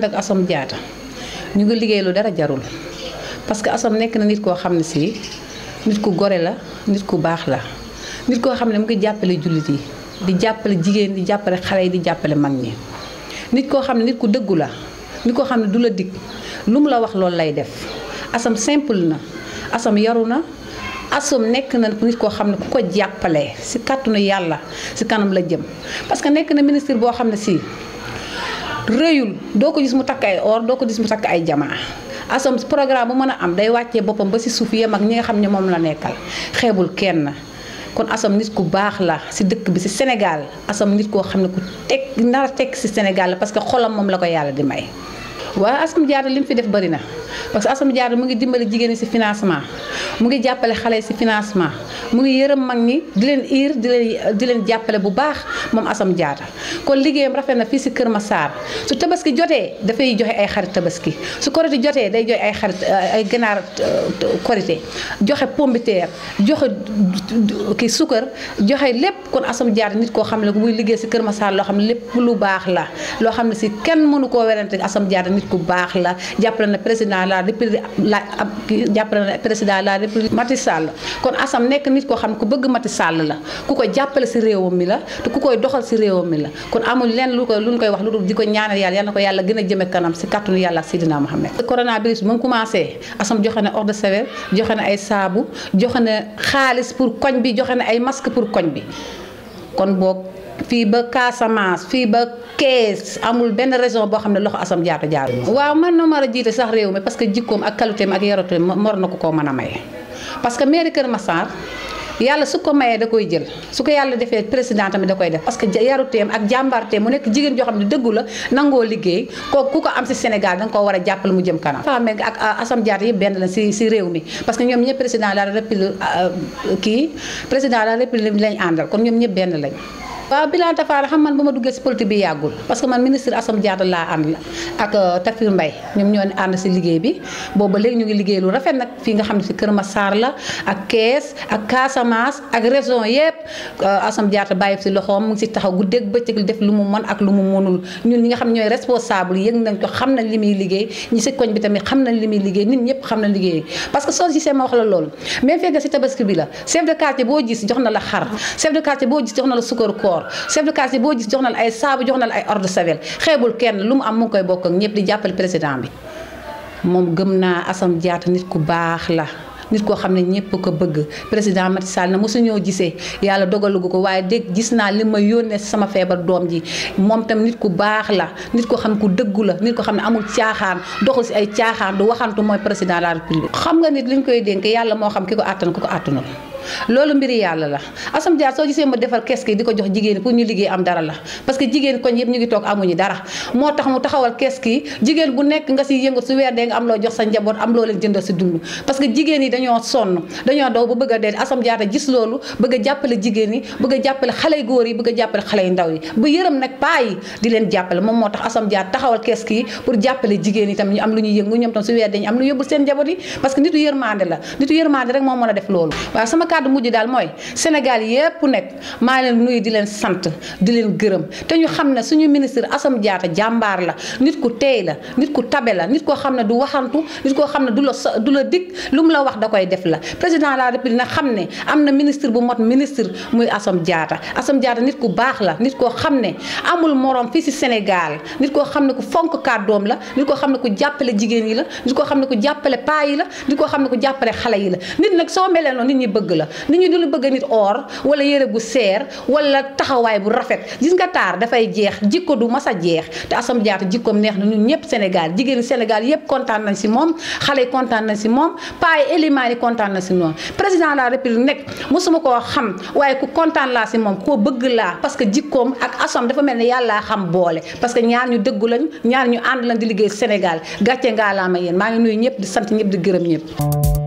ànd ak Assome Diatta ñu ngi liggéey dara jarul parce que Assome nekk na nit koo xam ne si nit ku gore la nit ku baax la nit koo xam ne mu ngi jàppale jullit yi di jàppale jigéen di jàppale xale yi di jàppale mag ñi nit koo xam ne nit ku dëggu la nit koo xam ne du la dikk lu mu la wax loolu lay def Assome simple na Assome yaru na Assome nekk na nit koo xam ne ku ko jàppale si kàttanu yàlla si kanam la jëm parce nekk na ministre boo xam ne si rëyul doo ko gis mu takk ay or doo ko gis mu takk ay jamaa asom programme bu mën a am day wàccee boppam ba si suuf yem ak ñi nga xam ne moom la nekkal xeebul kenn kon asom nit ku baax la si dëkk bi si Sénégal asom nit koo xam ne ku teg nar a teg si Sénégal la parce que xolam moom la ko yàlla di may waaye Assome Diatta li mu fi def bari na parce que Assome Diatta mu ngi dimbali jigéen ñi si financement mu ngi jàppale xale yi si financement mu ngi yërëm mag ñi di leen iir di leen di leen jàppale bu baax moom Assome Diatta kon liggéeyam rafet na fii si Kër ma Massar su tabaski jotee dafay joxe ay xarit tabaski su korité jotee day joxe ay xarit ay ganaar korité joxe pombiteer joxe ki sukkar joxe lépp kon Assome Diatta nit koo xam ne muy liggéey si Kër Massar loo xam ne lépp lu baax la loo xam ne si kenn mënu koo werante Assome Diatta nit ku baax la jàppale na président la république la ab jàppale na président kon Assane nekk nit koo xam ku bëgg Macky Sall la ku ko jàppale si réewam mi la te ku koy doxal si réewam mi la kon amul lenn lu koy lu koy wax lu dul di ko ñaanal yàlla yal na ko yàlla gën a jëme kanam si kàttanu yàlla ak Sidina Mohamed coronavirus mu ngi commencé joxe na ordre de joxe na ay saabu joxe na xaalis pour koñ bi joxe na ay masque pour koñ bi kon boog fii ba Casamance kees amul benn raison boo xam ne loxo Assome Diatta jaar waaw mën na mar jiite sax réew mi parce que jikkoom ak kaluteem ak yaroteem mor na ko koo mën a maye parce que mairie Kër Massar yàlla su ko mayee da koy jël su ko yàlla defee président tamit da koy def parce que yaruteem ak jàmbaarteem mu nekk jigéen joo xam ne dëggu la nangoo liggéey ko ku ko am si Sénégal da nga koo war a jàppale mu jëm kanam. Fahma Mbengue ak Assome Diatta yëpp benn la si si réew mi parce que ñoom ñëpp président de la république euh, kii président de la république lañ àndal kon ñoom ñëpp benn lañ. waaw bilan Tafaara xam man ba ma duggee si politique bi yàggul parce que man ministre Assome Diatta laa ànd la ak euh, Tafir Mbaye ñoom ñoo ànd si liggéey bi booba ba léegi ñu ngi liggéey lu rafet nag fii nga xam ne si Kër Massar la ak Kees ak Casamance ak région yëpp euh, Assome Diatta bàyyi si loxoom mu ngi si taxaw guddeeg bëccëg li def lu mu mën ak lu mu mënul ñi nga xam ñooy responsable yëg nañ ko xam nañ li muy liggéey ñi si koñ bi tamit xam nañ li muy liggéey nit ñëpp xam nañ liggéey parce que soo gisee ma wax la loolu bi la chef de quartier boo gis jox na la xar chef boo gis jox na la sukar koor sport chef boo gis jox na la ay saabu jox na la ay ordre savel xeebul kenn lu mu am mu ngi koy bokk ak ñëpp di jàppale président bi moom gëm naa Assome jaat nit ku baax la nit koo xam ne ñëpp ko bëgg président Macky Sall na mosu ñoo gisee yàlla dogalugu ko waaye dégg gis naa li ma yónnee sama feebar doom ji moom tam ku baax la nit koo xam ku dëggu la nit ko xam ne amul caaxaan doxul si ay caaxaan du waxantu mooy président de la xam nga nit liñ koy dénk yàlla moo xam ki ko àttan ku ko àttanul. loolu mbiri yàlla la Assome Diar soo gisee ma defar kees gi di ko jox jigéen pour ñu liggéey am dara la parce que jigéen koñ yëpp ñu ngi toog amuñu mu taxawal kees gi jigéen bu nekk nga si yëngu su weer dee am loo jox sa njaboot am loo leen jëndal si parce que jigéen yi dañoo sonn dañoo daw ba bëgg a dee Assome Diar gis loolu bëgg a jàppale jigéen yi bëgg a jàppale xale yu góor yi bëgg a jàppale xale yu ndaw yi bu yërëm nag paa di leen jàppale moom moo tax Assome Diar taxawal kees gi pour jàppale jigéen yi tam ñu am lu ñuy yëngu ñu am lu yóbbul seen njaboot yi parce que nitu yërmande la moo mën loolu kàddu mujj daal mooy Sénégal yépp nekk maa leen nuyu di leen sant di leen gërëm te ñu xam ne suñu ministre Assome jaata jàmbaar la nit ku teey la nit ku tabe la nit koo xam ne du waxantu nit koo xam ne du la du la dig lu mu la wax da koy def la président de la république na xam ne am na ministre bu mot ministre muy Assome Diatta Assome Diatta nit ku baax la nit koo xam ne amul morom fii ci Sénégal nit koo xam ne ku fonk doom la nit koo xam ne ku jàppale jigéen yi la nit koo xam ne ku jàppale paa yi la nit koo xam ne ku jàppale xale yi la nit nag soo melee nit ñi bëgg la la nit ñi duñu bëgg nit oor wala yére bu seer wala taxawaay bu rafet gis nga taar dafay jeex jikko du mas a jeex te Assome Diatta jikkoom neex na ñun ñëpp Sénégal jigéenu Sénégal yëpp kontaan nañ si moom xale yi kontaan nañ si moom paay éliment yi kontaan nañ si moom président de la république nekk mosuma koo xam waaye ku kontaan laa si moom koo bëgg laa parce que jikkoom ak Assome dafa mel ne yàllaa xam boole parce que ñaar ñu dëggu lañ ñaar ñu ànd lañ di liggéey Sénégal gàcce ngaa ma yéen maa ngi nuyu ñëpp di sant ñëpp di gërëm ñëpp